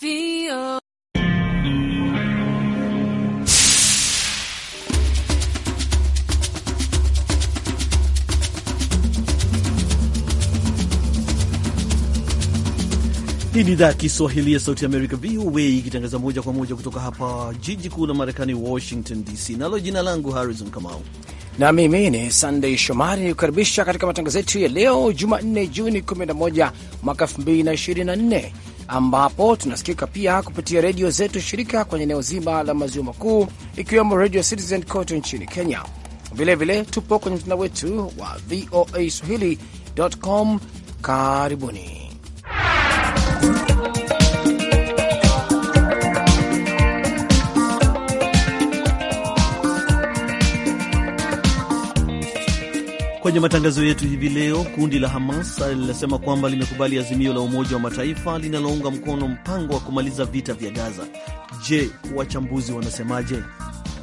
Hii ni idhaa ya Kiswahili ya Sauti ya Amerika, VOA, ikitangaza moja kwa moja kutoka hapa jiji kuu la Marekani, Washington DC. Nalo jina langu Harrison Kamau na mimi ni sandey Shomari nikukaribisha katika matangazo yetu ya leo Jumanne, Juni 11 mwaka 2024 ambapo tunasikika pia kupitia redio zetu shirika kwenye eneo zima la maziwa makuu ikiwemo Radio Citizen kote nchini Kenya. Vilevile tupo kwenye mtandao wetu wa VOA swahili.com. Karibuni. Kwenye matangazo yetu hivi leo, kundi la Hamas linasema kwamba limekubali azimio la Umoja wa Mataifa linalounga mkono mpango wa kumaliza vita vya Gaza. Je, wachambuzi wanasemaje?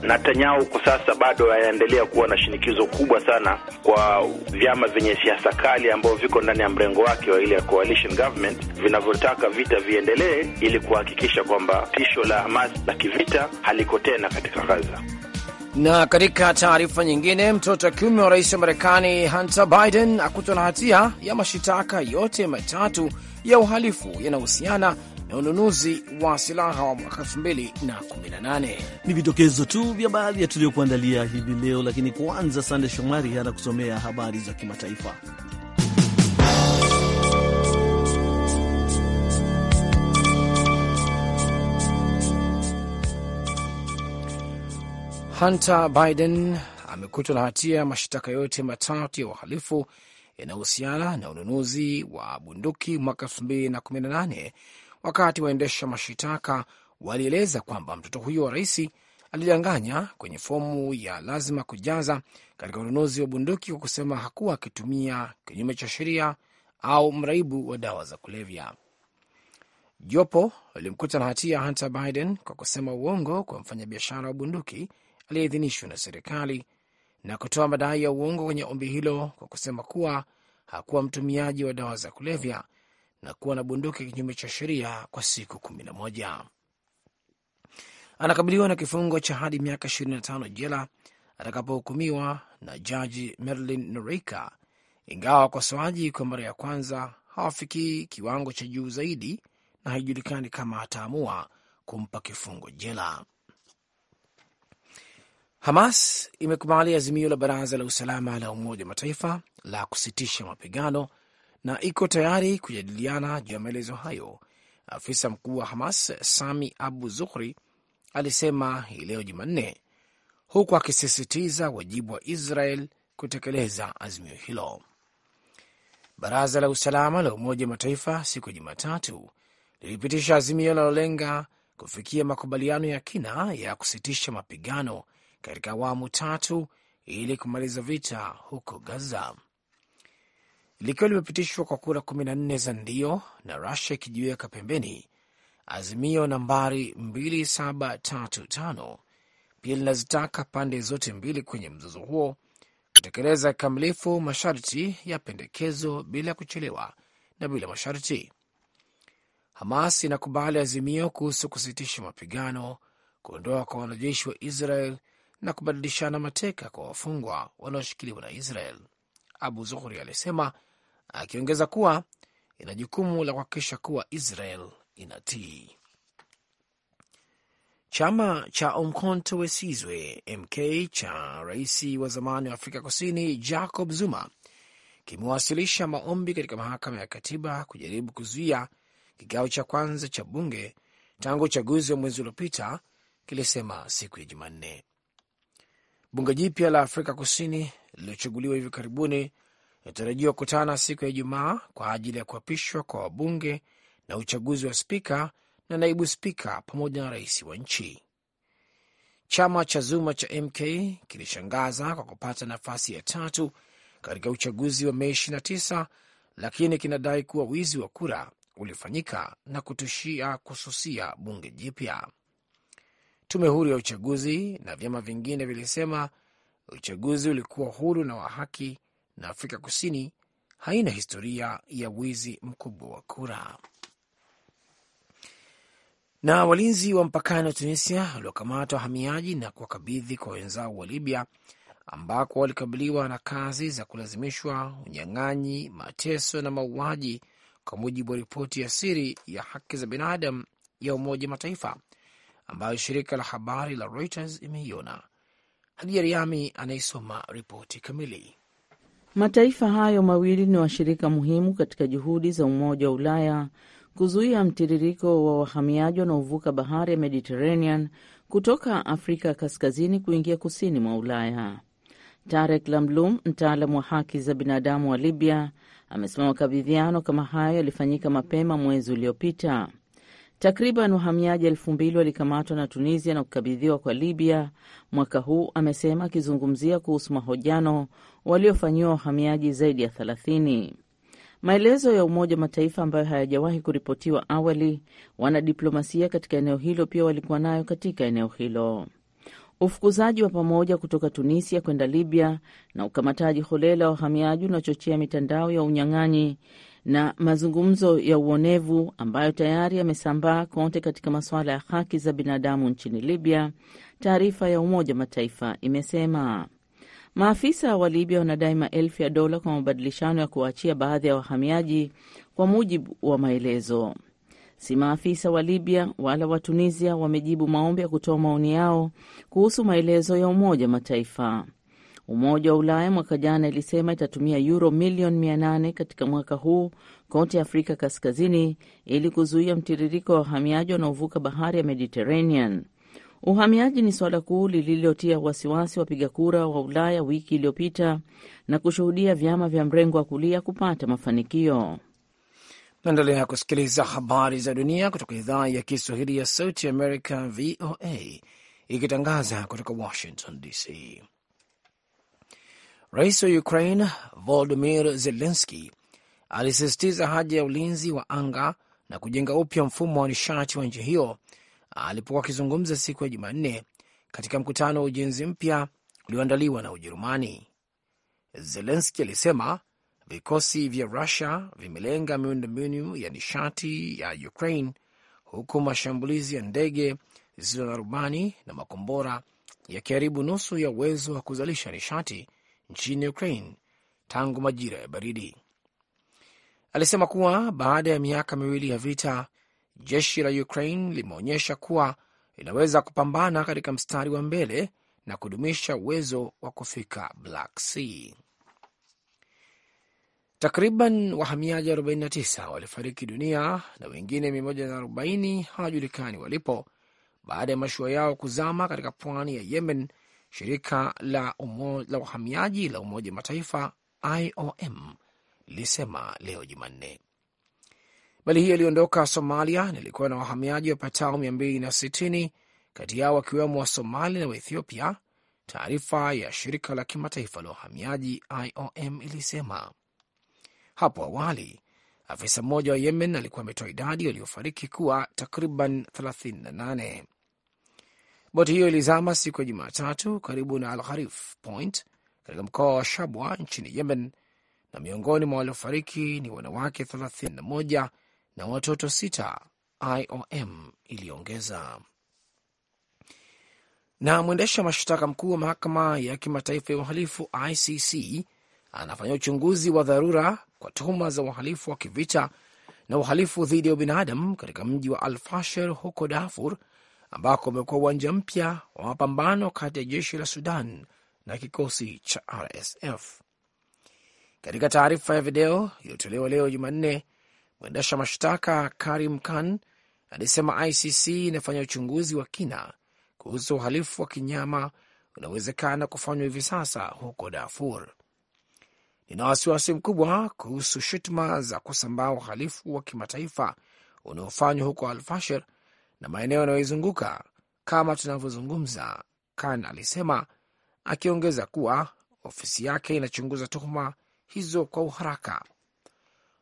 Netanyahu kwa sasa bado anaendelea kuwa na shinikizo kubwa sana kwa vyama vyenye siasa kali ambao viko ndani ya mrengo wake wa ile ya coalition government vinavyotaka vita viendelee ili kuhakikisha kwamba tisho la Hamas la kivita haliko tena katika Gaza. Na katika taarifa nyingine, mtoto wa kiume wa rais wa Marekani Hunter Biden akutwa na hatia ya mashitaka yote matatu ya uhalifu yanahusiana na ununuzi wa silaha wa mwaka 2018. Ni vidokezo tu vya baadhi ya tuliyokuandalia hivi leo, lakini kwanza, Sande Shomari anakusomea habari za kimataifa. Hunter Biden amekutwa na hatia ya mashtaka yote matatu ya uhalifu yanayohusiana na ununuzi wa bunduki mwaka 2018 wakati waendesha mashitaka walieleza kwamba mtoto huyo wa rais alidanganya kwenye fomu ya lazima kujaza katika ununuzi wa bunduki kwa kusema hakuwa akitumia kinyume cha sheria au mraibu wa dawa za kulevya. Jopo lilimkuta na hatia Hunter Biden kwa kusema uongo kwa mfanyabiashara wa bunduki aliyeidhinishwa na serikali na kutoa madai ya uongo kwenye ombi hilo kwa kusema kuwa hakuwa mtumiaji wa dawa za kulevya na kuwa na bunduki kinyume cha sheria kwa siku kumi na moja. Anakabiliwa na kifungo cha hadi miaka 25 jela atakapohukumiwa na jaji Merlin Noreika, ingawa wakosoaji kwa mara ya kwanza hawafikii kiwango cha juu zaidi na haijulikani kama ataamua kumpa kifungo jela. Hamas imekubali azimio la Baraza la Usalama la Umoja wa Mataifa la kusitisha mapigano na iko tayari kujadiliana juu ya maelezo hayo. Afisa mkuu wa Hamas Sami Abu Zuhri alisema hii leo Jumanne, huku akisisitiza wajibu wa Israel kutekeleza azimio hilo. Baraza la Usalama la Umoja wa Mataifa siku ya Jumatatu lilipitisha azimio linalolenga kufikia makubaliano ya kina ya kusitisha mapigano katika awamu tatu ili kumaliza vita huko Gaza. Likiwa limepitishwa kwa kura 14 za ndio na Rusia ikijiweka pembeni, azimio nambari 2735 pia linazitaka pande zote mbili kwenye mzozo huo kutekeleza kikamilifu masharti ya pendekezo bila kuchelewa na bila masharti. Hamas inakubali azimio kuhusu kusitisha mapigano, kuondoa kwa wanajeshi wa Israel na kubadilishana mateka kwa wafungwa wanaoshikiliwa na Israel, Abu zuhuri alisema, akiongeza kuwa ina jukumu la kuhakikisha kuwa Israel inatii. Chama cha Umkhonto we Sizwe MK cha rais wa zamani wa Afrika Kusini Jacob Zuma kimewasilisha maombi katika mahakama ya katiba kujaribu kuzuia kikao cha kwanza cha bunge tangu uchaguzi wa mwezi uliopita, kilisema siku ya Jumanne. Bunge jipya la Afrika Kusini lililochaguliwa hivi karibuni linatarajiwa kukutana siku ya Ijumaa kwa ajili ya kuapishwa kwa wabunge na uchaguzi wa spika na naibu spika pamoja na rais wa nchi. Chama cha Zuma cha MK kilishangaza kwa kupata nafasi ya tatu katika uchaguzi wa Mei 29 lakini kinadai kuwa wizi wa kura ulifanyika na kutishia kususia bunge jipya. Tume huru ya uchaguzi na vyama vingine vilisema uchaguzi ulikuwa huru na wa haki, na Afrika Kusini haina historia ya wizi mkubwa wa kura. Na walinzi wa mpakani wa Tunisia waliokamata wahamiaji na kuwakabidhi kwa wenzao wa Libya ambako walikabiliwa na kazi za kulazimishwa, unyang'anyi, mateso na mauaji, kwa mujibu wa ripoti ya siri ya haki za binadamu ya Umoja Mataifa ambayo shirika la habari la Reuters imeiona. Hadija Riami anayesoma ripoti kamili. Mataifa hayo mawili ni washirika muhimu katika juhudi za Umoja wa Ulaya kuzuia mtiririko wa wahamiaji wanaovuka bahari ya Mediterranean kutoka Afrika kaskazini kuingia kusini mwa Ulaya. Tarek Lamloum, mtaalamu wa haki za binadamu wa Libya, amesema makabidhiano kama hayo yalifanyika mapema mwezi uliopita. Takriban wahamiaji elfu mbili walikamatwa na Tunisia na kukabidhiwa kwa Libya mwaka huu, amesema akizungumzia kuhusu mahojano waliofanyiwa wahamiaji zaidi ya 30. Maelezo ya Umoja wa Mataifa ambayo hayajawahi kuripotiwa awali, wanadiplomasia katika eneo hilo pia walikuwa nayo katika eneo hilo. Ufukuzaji wa pamoja kutoka Tunisia kwenda Libya na ukamataji holela wa wahamiaji unaochochea mitandao ya unyang'anyi na mazungumzo ya uonevu ambayo tayari yamesambaa kote katika masuala ya haki za binadamu nchini Libya. Taarifa ya Umoja Mataifa imesema maafisa wa Libya wanadai maelfu ya dola kwa mabadilishano ya kuwaachia baadhi ya wahamiaji, kwa mujibu wa maelezo. Si maafisa wa Libya wala wa Tunisia wamejibu maombi ya kutoa maoni yao kuhusu maelezo ya Umoja Mataifa. Umoja wa Ulaya mwaka jana ilisema itatumia yuro milioni 800 katika mwaka huu kote Afrika Kaskazini ili kuzuia mtiririko wa wahamiaji wanaovuka bahari ya Mediterranean. Uhamiaji ni suala kuu lililotia wasiwasi wapiga kura wa Ulaya wiki iliyopita na kushuhudia vyama vya mrengo wa kulia kupata mafanikio. Naendelea kusikiliza habari za dunia kutoka idhaa ya Kiswahili ya Sauti Amerika, VOA, ikitangaza kutoka Washington DC. Rais wa Ukraine Volodimir Zelenski alisisitiza haja ya ulinzi wa anga na kujenga upya mfumo wa nishati wa nchi hiyo alipokuwa akizungumza siku ya Jumanne katika mkutano wa ujenzi mpya ulioandaliwa na Ujerumani. Zelenski alisema vikosi vya Rusia vimelenga miundombinu ya nishati ya Ukraine, huku mashambulizi ya ndege zisizo na rubani na makombora yakiharibu nusu ya uwezo wa kuzalisha nishati nchini Ukraine tangu majira ya baridi. Alisema kuwa baada ya miaka miwili ya vita, jeshi la Ukraine limeonyesha kuwa linaweza kupambana katika mstari wa mbele na kudumisha uwezo wa kufika Black Sea. Takriban wahamiaji 49 walifariki dunia na wengine 140 hawajulikani walipo baada ya mashua yao kuzama katika pwani ya Yemen Shirika la, umo, la uhamiaji la Umoja wa Mataifa IOM lilisema leo Jumanne. Meli hiyo iliondoka Somalia na ilikuwa na wahamiaji wapatao 260 kati yao wakiwemo wa Somali na Waethiopia. Taarifa ya shirika la kimataifa la uhamiaji IOM ilisema hapo awali. Afisa mmoja wa Yemen alikuwa ametoa idadi waliofariki kuwa takriban 38. Boti hiyo ilizama siku ya Jumatatu karibu na Al-Gharif Point katika mkoa wa Shabwa nchini Yemen, na miongoni mwa waliofariki ni wanawake 31 na watoto sita, IOM iliongeza. Na mwendesha mashtaka mkuu wa mahakama ya kimataifa ya uhalifu ICC anafanya uchunguzi wa dharura kwa tuhuma za uhalifu wa kivita na uhalifu dhidi ya ubinadamu katika mji wa Al Fasher huko Darfur ambako umekuwa uwanja mpya wa mapambano kati ya jeshi la Sudan na kikosi cha RSF. Katika taarifa ya video iliyotolewa leo Jumanne, mwendesha mashtaka Karim Khan alisema ICC inafanya uchunguzi wa kina kuhusu uhalifu wa kinyama unawezekana kufanywa hivi sasa huko Darfur. Nina wasiwasi mkubwa kuhusu shutuma za kusambaa uhalifu wa kimataifa unaofanywa huko Alfashir na maeneo yanayoizunguka kama tunavyozungumza, Khan alisema, akiongeza kuwa ofisi yake inachunguza tuhuma hizo kwa uharaka.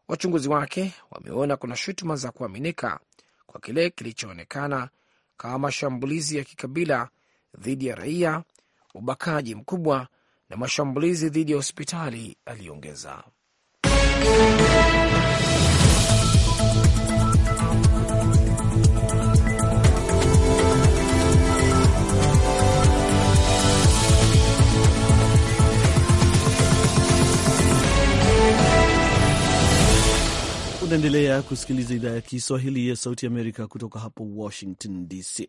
Wachunguzi wake wameona kuna shutuma za kuaminika kwa kile kilichoonekana kama mashambulizi ya kikabila dhidi ya raia, ubakaji mkubwa na mashambulizi dhidi ya hospitali, aliongeza. Unaendelea kusikiliza idhaa ya Kiswahili ya Sauti Amerika kutoka hapo Washington DC.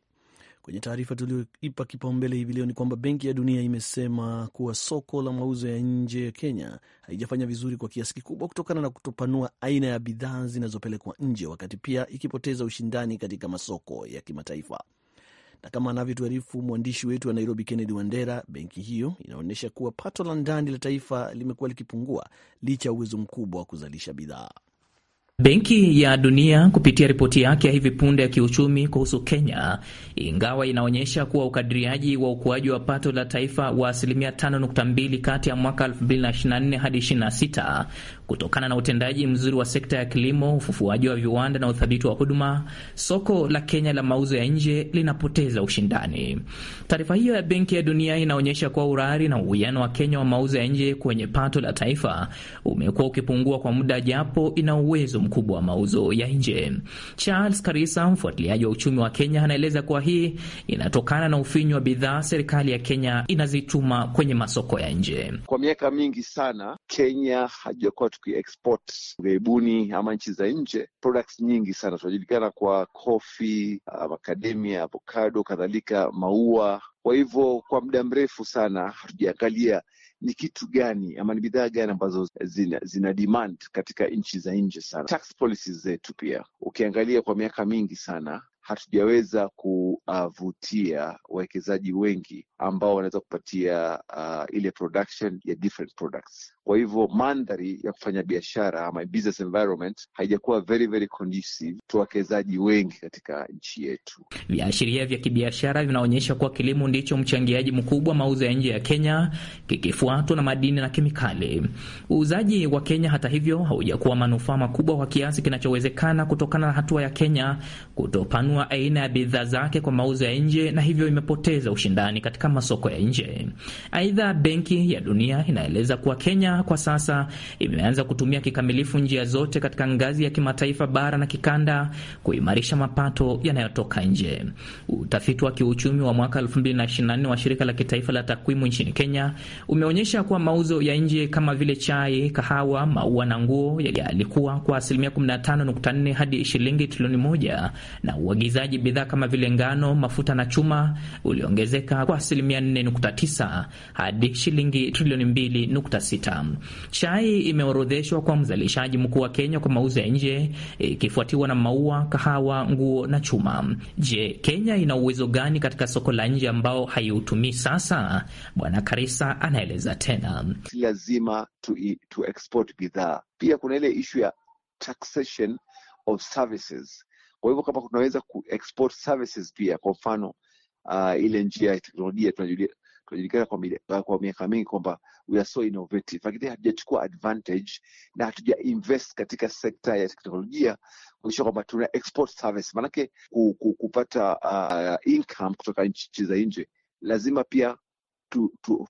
Kwenye taarifa tulioipa kipaumbele hivi leo ni kwamba Benki ya Dunia imesema kuwa soko la mauzo ya nje ya Kenya haijafanya vizuri kwa kiasi kikubwa kutokana na kutopanua aina ya bidhaa zinazopelekwa nje, wakati pia ikipoteza ushindani katika masoko ya kimataifa. Na kama anavyotuarifu mwandishi wetu wa Nairobi, Kennedy Wandera, benki hiyo inaonyesha kuwa pato la ndani la taifa limekuwa likipungua licha ya uwezo mkubwa wa kuzalisha bidhaa. Benki ya Dunia kupitia ripoti yake ya hivi punde ya kiuchumi kuhusu Kenya, ingawa inaonyesha kuwa ukadiriaji wa ukuaji wa pato la taifa wa asilimia 5.2 kati ya mwaka 2024 hadi 26 kutokana na utendaji mzuri wa sekta ya kilimo, ufufuaji wa viwanda na uthabiti wa huduma, soko la Kenya la mauzo ya nje linapoteza ushindani. Taarifa hiyo ya Benki ya Dunia inaonyesha kuwa urari na uwiano wa Kenya wa mauzo ya nje kwenye pato la taifa umekuwa ukipungua kwa muda, japo ina uwezo mkubwa wa mauzo ya nje. Charles Karisa, mfuatiliaji wa uchumi wa Kenya, anaeleza kuwa hii inatokana na ufinyu wa bidhaa serikali ya Kenya inazituma kwenye masoko ya nje. Kwa miaka mingi sana Kenya hajakuwa tukiexport ughaibuni ama nchi za nje products nyingi sana. Tunajulikana kwa kofi, uh, macadamia, avocado, kadhalika maua. Kwa hivyo kwa muda mrefu sana hatujaangalia ni kitu gani ama ni bidhaa gani ambazo zina, zina demand katika nchi za nje sana. Tax policies zetu pia ukiangalia kwa miaka mingi sana hatujaweza kuvutia wawekezaji wengi ambao wanaweza kupatia uh, ile production ya different products. Kwa hivyo mandhari ya kufanya biashara ama business environment haijakuwa very very conducive tu wawekezaji wengi katika nchi yetu. Viashiria vya kibiashara vinaonyesha kuwa kilimo ndicho mchangiaji mkubwa mauzo ya nje ya Kenya, kikifuatwa na madini na kemikali. Uuzaji wa Kenya, hata hivyo, haujakuwa manufaa makubwa kwa kiasi kinachowezekana kutokana na hatua ya Kenya kutopanua kununua aina ya bidhaa zake kwa mauzo ya nje na hivyo imepoteza ushindani katika masoko ya nje. Aidha, Benki ya Dunia inaeleza kuwa Kenya kwa sasa imeanza kutumia kikamilifu njia zote katika ngazi ya kimataifa, bara na kikanda kuimarisha mapato yanayotoka nje. Utafiti wa kiuchumi wa mwaka 2024 wa shirika la kitaifa la takwimu nchini Kenya umeonyesha kuwa mauzo ya nje kama vile chai, kahawa, maua na nguo yalikuwa kwa asilimia 15.4 hadi shilingi trilioni moja na Uagizaji bidhaa kama vile ngano, mafuta na chuma uliongezeka kwa asilimia 4.9 hadi shilingi trilioni 2.6. Chai imeorodheshwa kwa mzalishaji mkuu wa Kenya kwa mauzo ya nje ikifuatiwa na maua, kahawa, nguo na chuma. Je, Kenya ina uwezo gani katika soko la nje ambao haiutumii sasa? Bwana Karisa anaeleza tena. Si lazima to, to export bidhaa. Pia kuna ile ishu ya taxation of services kwa hivyo kama tunaweza ku export services pia, kwa mfano uh, ile njia ya teknolojia tunajulikana kwa, kwa miaka mingi kwamba we are so innovative, lakini hatujachukua advantage na hatuja invest katika sekta ya teknolojia kuisha kwamba tuna export service, maanake kupata uh, income kutoka nchi za nje lazima pia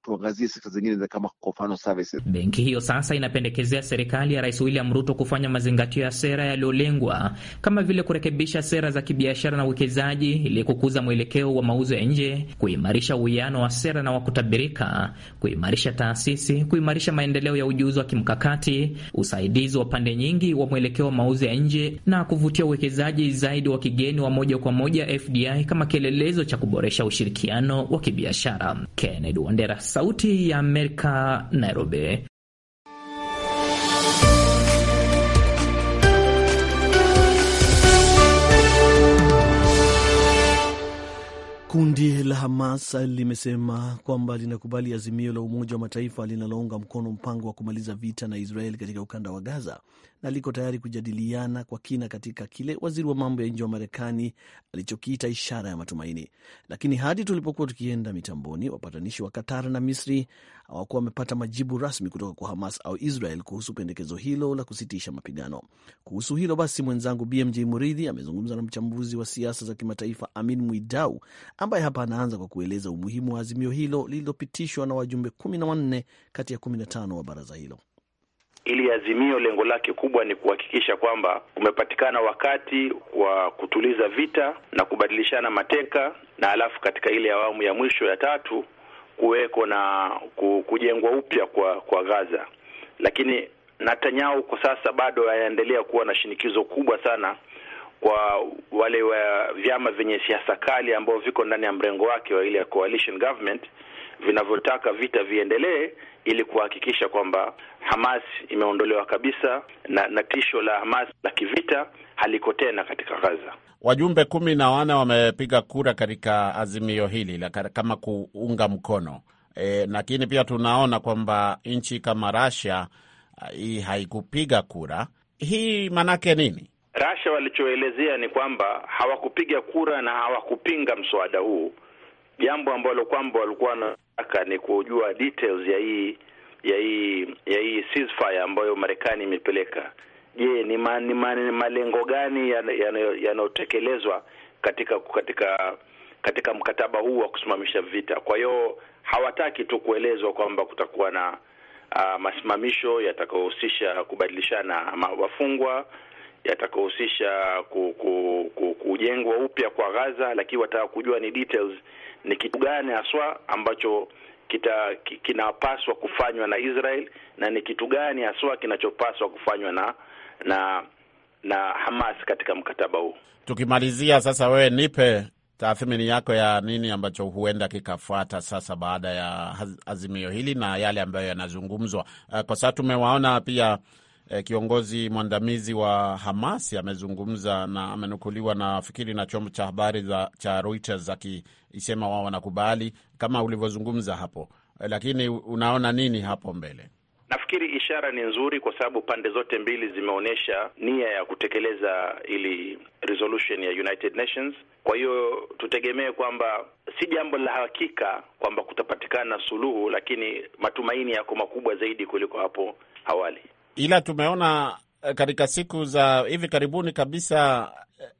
tuangazie tu, tu sekta zingine kama kwa mfano services. Benki hiyo sasa inapendekezea serikali ya Rais William Ruto kufanya mazingatio ya sera yaliyolengwa kama vile kurekebisha sera za kibiashara na uwekezaji ili kukuza mwelekeo wa mauzo ya nje, kuimarisha uwiano wa sera na wa kutabirika, kuimarisha taasisi, kuimarisha maendeleo ya ujuzi wa kimkakati, usaidizi wa pande nyingi wa mwelekeo wa mauzo ya nje na kuvutia uwekezaji zaidi wa kigeni wa moja kwa moja FDI kama kielelezo cha kuboresha ushirikiano wa kibiashara Kennedy. Kennedy Wandera, Sauti ya Amerika, Nairobi. Kundi la Hamas limesema kwamba linakubali azimio la Umoja wa Mataifa linalounga mkono mpango wa kumaliza vita na Israeli katika ukanda wa Gaza na liko tayari kujadiliana kwa kina katika kile waziri wa mambo ya nje wa Marekani alichokiita ishara ya matumaini. Lakini hadi tulipokuwa tukienda mitamboni, wapatanishi wa Qatar na Misri hawakuwa wamepata majibu rasmi kutoka kwa Hamas au Israel kuhusu pendekezo hilo la kusitisha mapigano. Kuhusu hilo basi, mwenzangu BMJ Muridhi amezungumza na mchambuzi wa siasa za kimataifa Amin Mwidau ambaye hapa anaanza kwa kueleza umuhimu wa azimio hilo lililopitishwa na wajumbe 14 kati ya 15 wa baraza hilo ili azimio lengo lake kubwa ni kuhakikisha kwamba kumepatikana wakati wa kutuliza vita na kubadilishana mateka, na alafu katika ile awamu ya mwisho ya tatu kuweko na kujengwa upya kwa kwa Gaza. Lakini Netanyahu kwa sasa bado anaendelea kuwa na shinikizo kubwa sana kwa wale wa vyama vyenye siasa kali ambao viko ndani ya mrengo wake wa ile coalition government vinavyotaka vita viendelee ili kuhakikisha kwamba Hamas imeondolewa kabisa na, na tisho la Hamas la kivita haliko tena katika Gaza. Wajumbe kumi na wane wamepiga kura katika azimio hili la kama kuunga mkono e, lakini pia tunaona kwamba nchi kama Russia hii e, haikupiga kura hii. Maanake nini? Russia walichoelezea ni kwamba hawakupiga kura na hawakupinga mswada huu, jambo ambalo kwamba walikuwa ni kujua details ya hii ya hii ya hii ceasefire ambayo Marekani imepeleka. Je, ni, ma, ni, ma, ni malengo gani yanayotekelezwa ya, ya katika katika katika mkataba huu wa kusimamisha vita? Kwa hiyo hawataki tu kuelezwa kwamba kutakuwa na uh, masimamisho yatakayohusisha kubadilishana wafungwa yatakayohusisha ku, ku, ku, kujengwa upya kwa Gaza, lakini wataka kujua ni details ni kitu gani haswa ambacho kita kinapaswa kufanywa na Israel na ni kitu gani haswa kinachopaswa kufanywa na na na Hamas katika mkataba huu. Tukimalizia sasa, wewe nipe tathmini yako ya nini ambacho huenda kikafuata sasa baada ya azimio hili na yale ambayo yanazungumzwa eh, kwa sababu Tumewaona pia eh, kiongozi mwandamizi wa Hamas amezungumza na amenukuliwa na fikiri na chombo cha habari za cha Reuters isema wao wanakubali kama ulivyozungumza hapo, lakini unaona nini hapo mbele? Nafikiri ishara ni nzuri kwa sababu pande zote mbili zimeonyesha nia ya kutekeleza ili resolution ya United Nations. Kwa hiyo tutegemee kwamba si jambo la hakika kwamba kutapatikana suluhu, lakini matumaini yako makubwa zaidi kuliko hapo awali. Ila tumeona eh, katika siku za hivi karibuni kabisa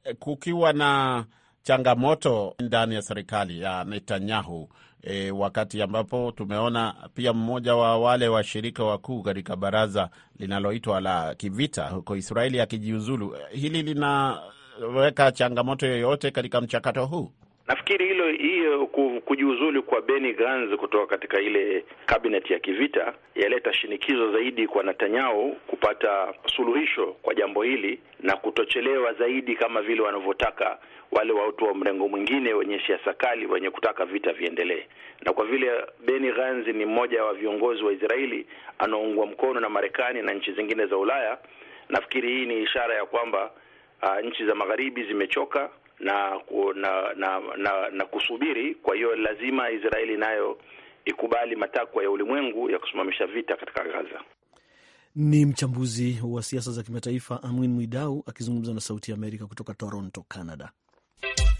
eh, kukiwa na changamoto ndani ya serikali ya Netanyahu. E, wakati ambapo tumeona pia mmoja wa wale washirika wakuu katika baraza linaloitwa la kivita huko Israeli akijiuzulu, hili linaweka changamoto yoyote katika mchakato huu? Nafikiri hilo hiyo kujiuzulu kwa Benny Gantz kutoka katika ile kabineti ya kivita yaleta shinikizo zaidi kwa Netanyahu kupata suluhisho kwa jambo hili na kutochelewa zaidi kama vile wanavyotaka wale watu wa mrengo mwingine wenye siasa kali wenye kutaka vita viendelee. Na kwa vile beni ganzi ni mmoja wa viongozi wa Israeli anaungwa mkono na Marekani na nchi zingine za Ulaya, nafikiri hii ni ishara ya kwamba uh, nchi za magharibi zimechoka na na, na, na na kusubiri. Kwa hiyo lazima Israeli nayo ikubali matakwa ya ulimwengu ya kusimamisha vita katika Gaza. Ni mchambuzi wa siasa za kimataifa Amwin Mwidau akizungumza na Sauti ya Amerika kutoka Toronto, Canada.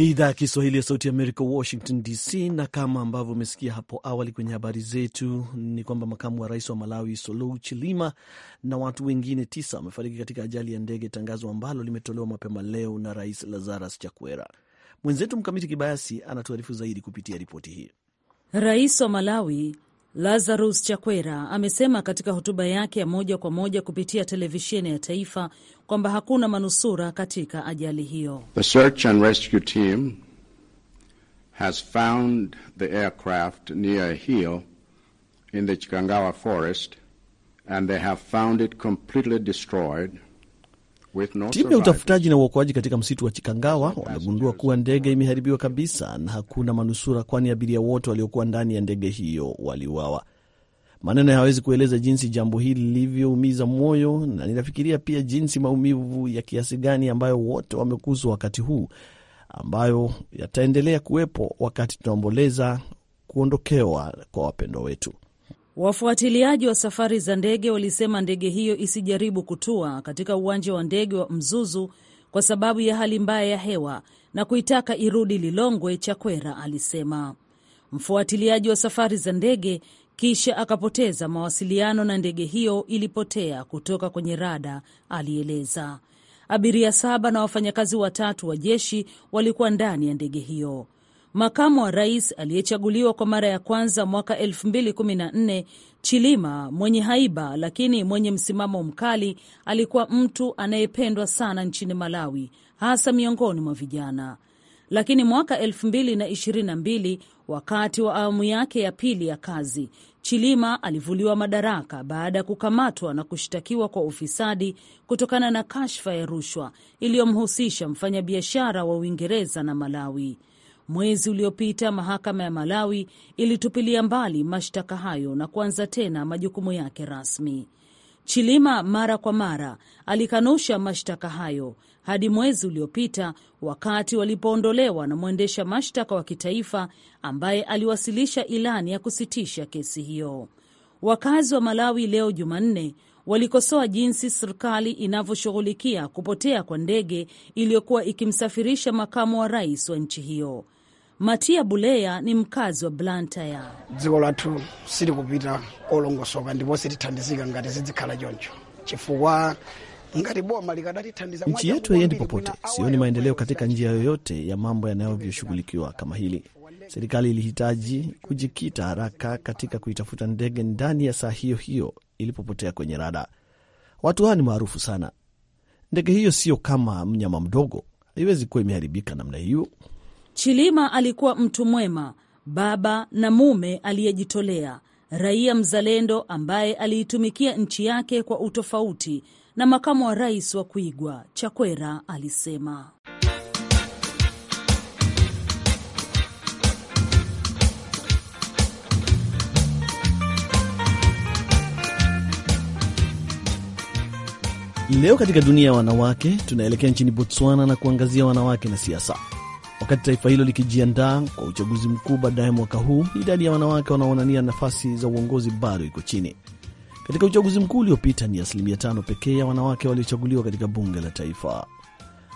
Ni idhaa ya Kiswahili ya Sauti Amerika, Washington DC. Na kama ambavyo umesikia hapo awali kwenye habari zetu, ni kwamba makamu wa rais wa Malawi Solou Chilima na watu wengine tisa wamefariki katika ajali ya ndege, tangazo ambalo limetolewa mapema leo na Rais Lazarus Chakwera. Mwenzetu Mkamiti Kibayasi anatuarifu zaidi kupitia ripoti hii. Rais wa Malawi Lazarus Chakwera amesema katika hotuba yake ya moja kwa moja kupitia televisheni ya taifa kwamba hakuna manusura katika ajali hiyo. The search and rescue team has found the aircraft near a hill in the Chikangawa forest and they have found it completely destroyed Timu ya utafutaji na uokoaji katika msitu wa Chikangawa wamegundua kuwa ndege imeharibiwa kabisa na hakuna manusura, kwani abiria wote waliokuwa ndani ya ndege hiyo waliuawa. Maneno hayawezi kueleza jinsi jambo hili lilivyoumiza moyo, na ninafikiria pia jinsi maumivu ya kiasi gani ambayo wote wamekuzwa wakati huu, ambayo yataendelea kuwepo wakati tunaomboleza kuondokewa kwa wapendwa wetu. Wafuatiliaji wa safari za ndege walisema ndege hiyo isijaribu kutua katika uwanja wa ndege wa Mzuzu kwa sababu ya hali mbaya ya hewa na kuitaka irudi Lilongwe, Chakwera alisema. Mfuatiliaji wa safari za ndege kisha akapoteza mawasiliano na ndege hiyo ilipotea kutoka kwenye rada, alieleza. Abiria saba na wafanyakazi watatu wa jeshi walikuwa ndani ya ndege hiyo. Makamu wa rais aliyechaguliwa kwa mara ya kwanza mwaka 2014 Chilima, mwenye haiba lakini mwenye msimamo mkali, alikuwa mtu anayependwa sana nchini Malawi, hasa miongoni mwa vijana. Lakini mwaka 2022 wakati wa awamu yake ya pili ya kazi, Chilima alivuliwa madaraka baada ya kukamatwa na kushtakiwa kwa ufisadi kutokana na kashfa ya rushwa iliyomhusisha mfanyabiashara wa Uingereza na Malawi. Mwezi uliopita mahakama ya Malawi ilitupilia mbali mashtaka hayo na kuanza tena majukumu yake rasmi. Chilima mara kwa mara alikanusha mashtaka hayo hadi mwezi uliopita wakati walipoondolewa na mwendesha mashtaka wa kitaifa ambaye aliwasilisha ilani ya kusitisha kesi hiyo. Wakazi wa Malawi leo Jumanne walikosoa jinsi serikali inavyoshughulikia kupotea kwa ndege iliyokuwa ikimsafirisha makamu wa rais wa nchi hiyo. Matia Buleya ni mkazi wa Blantyre. dziko lathu kupita olongosoka ndipo silithandizika ngati zizikhala choncho chifukwa nchi yetu haiendi popote. Sioni maendeleo katika njia yoyote ya mambo yanayovyoshughulikiwa kama hili. Serikali ilihitaji kujikita haraka katika kuitafuta ndege ndani ya saa hiyo hiyo ilipopotea kwenye rada. Watu hawa ni maarufu sana. Ndege hiyo sio kama mnyama mdogo, haiwezi kuwa imeharibika namna hiyo. Chilima alikuwa mtu mwema, baba na mume aliyejitolea, raia mzalendo ambaye aliitumikia nchi yake kwa utofauti, na makamu wa rais wa kuigwa Chakwera alisema. Leo katika dunia ya wanawake tunaelekea nchini Botswana na kuangazia wanawake na siasa. Wakati taifa hilo likijiandaa kwa uchaguzi mkuu baadaye mwaka huu, idadi ya wanawake wanaoonania nafasi za uongozi bado iko chini. Katika uchaguzi mkuu uliopita ni asilimia tano pekee ya wanawake waliochaguliwa katika bunge la taifa.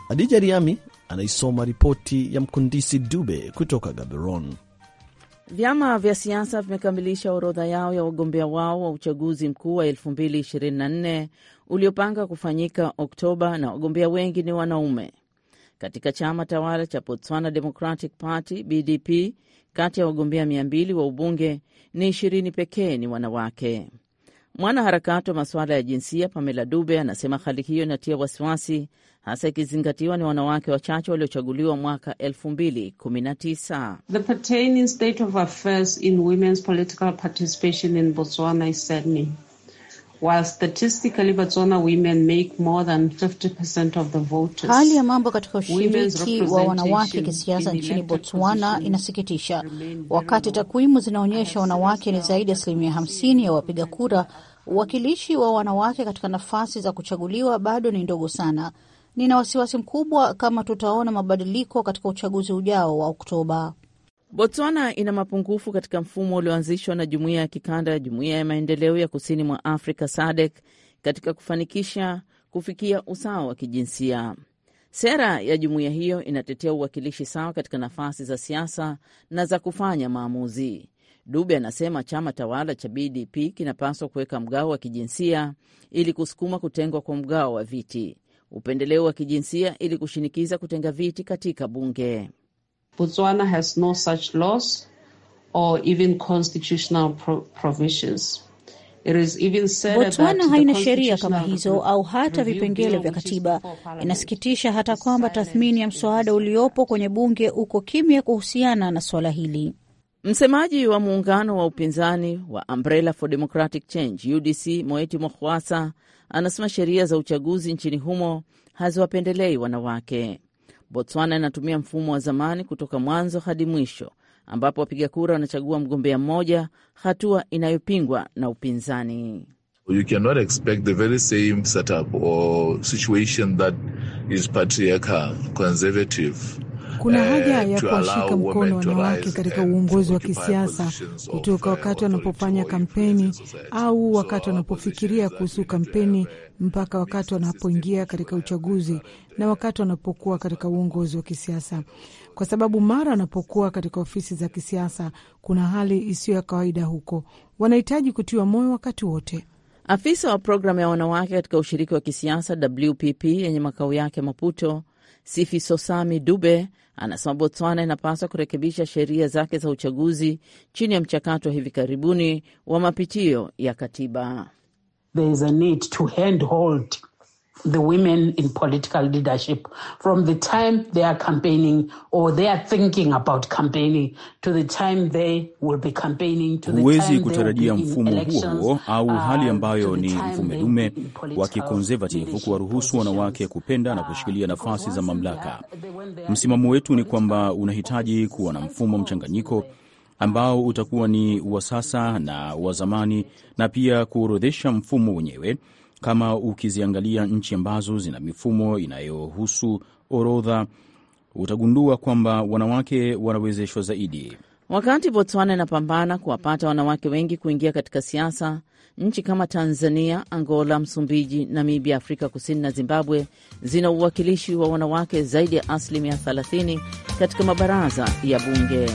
Adija Riami anaisoma ripoti ya Mkundisi Dube kutoka Gaborone. Vyama vya siasa vimekamilisha orodha yao ya wagombea wao wa uchaguzi mkuu wa 2024 uliopanga kufanyika Oktoba, na wagombea wengi ni wanaume katika chama tawala cha Botswana Democratic Party BDP, kati ya wagombea 200 wa ubunge ni ishirini pekee ni wanawake. Mwanaharakati wa masuala ya jinsia Pamela Dube anasema hali hiyo inatia wasiwasi, hasa ikizingatiwa ni wanawake wachache waliochaguliwa mwaka 2019. The pertaining state of affairs in women's political participation in Botswana is saddening. While statistically Botswana women make more than 50% of the voters. Hali ya mambo katika ushiriki wa wanawake kisiasa nchini Botswana inasikitisha, wakati takwimu zinaonyesha wanawake ni zaidi ya asilimia 50 ya wapiga kura. Uwakilishi wa wanawake katika nafasi za kuchaguliwa bado ni ndogo sana. Nina wasiwasi mkubwa kama tutaona mabadiliko katika uchaguzi ujao wa Oktoba. Botswana ina mapungufu katika mfumo ulioanzishwa na jumuiya ya kikanda ya jumuiya ya maendeleo ya kusini mwa Afrika SADC katika kufanikisha kufikia usawa wa kijinsia. Sera ya jumuiya hiyo inatetea uwakilishi sawa katika nafasi za siasa na za kufanya maamuzi. Dube anasema chama tawala cha BDP kinapaswa kuweka mgao wa kijinsia ili kusukuma kutengwa kwa mgao wa viti, upendeleo wa kijinsia ili kushinikiza kutenga viti katika bunge. Botswana has no such laws or even constitutional provisions. Botswana haina sheria kama hizo au hata vipengele vya katiba. Inasikitisha hata kwamba tathmini ya mswada uliopo kwenye bunge uko kimya kuhusiana na suala hili. Msemaji wa muungano wa upinzani wa Umbrella for Democratic Change UDC Moeti Mokgwasa anasema sheria za uchaguzi nchini humo haziwapendelei wanawake. Botswana inatumia mfumo wa zamani kutoka mwanzo hadi mwisho, ambapo wapiga kura wanachagua mgombea mmoja, hatua inayopingwa na upinzani. You cannot expect the very same setup or situation that is patriarchal, conservative kuna eh, haja ya kuwashika mkono wanawake katika uongozi wa kisiasa kutoka wakati wanapofanya kampeni au wakati wanapofikiria kuhusu kampeni mpaka wakati wanapoingia katika uchaguzi na wakati wanapokuwa katika uongozi wa kisiasa, kwa sababu mara wanapokuwa katika ofisi za kisiasa kuna hali isiyo ya kawaida huko. Wanahitaji kutiwa moyo wakati wote. Afisa wa programu ya wanawake katika ushiriki wa kisiasa WPP yenye makao yake Maputo Sifisosami Dube anasema Botswana inapaswa kurekebisha sheria zake za uchaguzi chini ya mchakato wa hivi karibuni wa mapitio ya katiba. There is a need to handhold the women in political leadership from the time they are campaigning or they are thinking about campaigning to the time they will be campaigning to the huwezi time kutarajia mfumo huo huo au uh, hali ambayo ni mfumo dume wa kikonservative kuwaruhusu wanawake kupenda na uh, kushikilia nafasi za mamlaka. Msimamo wetu ni kwamba unahitaji kuwa na mfumo mchanganyiko ambao utakuwa ni wa sasa na wa zamani na pia kuorodhesha mfumo wenyewe kama ukiziangalia nchi ambazo zina mifumo inayohusu orodha, utagundua kwamba wanawake wanawezeshwa zaidi. Wakati Botswana inapambana kuwapata wanawake wengi kuingia katika siasa, nchi kama Tanzania, Angola, Msumbiji, Namibia, Afrika Kusini na Zimbabwe zina uwakilishi wa wanawake zaidi ya asilimia 30 katika mabaraza ya bunge.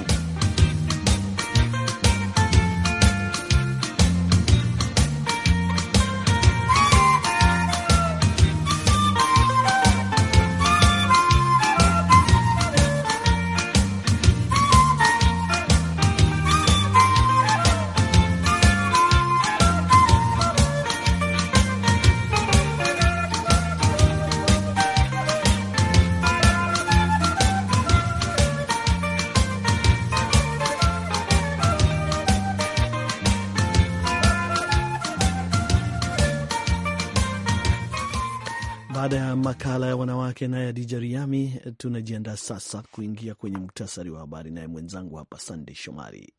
kwake naye Adija Riami. Tunajiandaa sasa kuingia kwenye muktasari wa habari, naye mwenzangu hapa Sandey Shomari.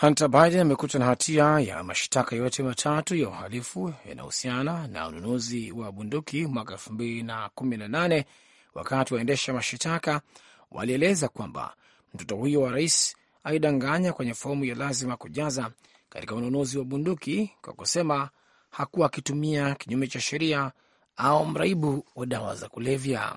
Hunter Biden amekutwa na hatia ya mashtaka yote matatu ya uhalifu yanahusiana na ununuzi wa bunduki mwaka elfu mbili na kumi na nane. Wakati waendesha mashitaka walieleza kwamba mtoto huyo wa rais alidanganya kwenye fomu ya lazima kujaza katika ununuzi wa bunduki kwa kusema hakuwa akitumia kinyume cha sheria au mraibu wa dawa za kulevya.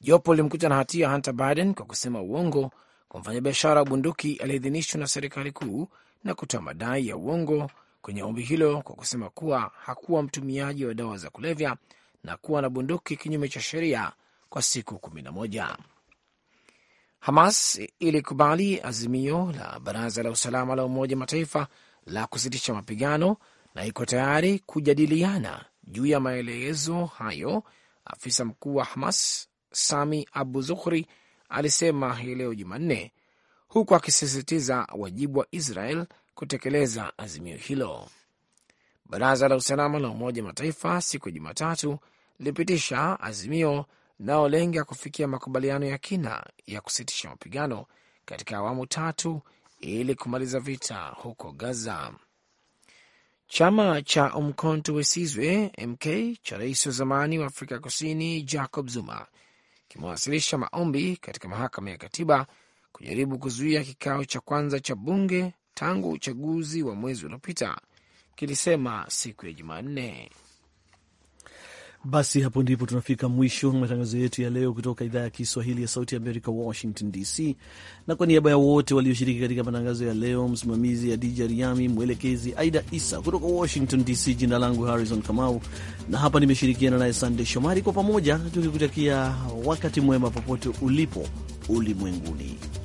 Jopo lilimkuta na hatia Hunter Biden kwa kusema uongo kwa mfanyabiashara wa bunduki aliyeidhinishwa na serikali kuu na kutoa madai ya uongo kwenye ombi hilo kwa kusema kuwa hakuwa mtumiaji wa dawa za kulevya na kuwa na bunduki kinyume cha sheria kwa siku kumi na moja. Hamas ilikubali azimio la Baraza la Usalama la Umoja Mataifa la kusitisha mapigano na iko tayari kujadiliana juu ya maelezo hayo. Afisa mkuu wa Hamas Sami Abu Zuhri alisema hii leo Jumanne, huku akisisitiza wajibu wa Israel kutekeleza azimio hilo. Baraza la Usalama la Umoja Mataifa siku ya Jumatatu lilipitisha azimio linalolenga kufikia makubaliano ya kina ya kusitisha mapigano katika awamu tatu ili kumaliza vita huko Gaza. Chama cha Umkhonto wesizwe MK cha rais wa zamani wa Afrika Kusini Jacob Zuma kimewasilisha maombi katika mahakama ya katiba kujaribu kuzuia kikao cha kwanza cha bunge tangu uchaguzi wa mwezi uliopita, kilisema siku ya Jumanne. Basi hapo ndipo tunafika mwisho matangazo yetu ya leo kutoka idhaa ya Kiswahili ya Sauti ya Amerika, Washington DC. Na kwa niaba ya wote walioshiriki katika matangazo ya leo, msimamizi ya DJ Riami, mwelekezi Aida Isa kutoka Washington DC, jina langu Harrison Kamau na hapa nimeshirikiana naye Sandey Shomari, kwa pamoja tukikutakia wakati mwema popote ulipo ulimwenguni.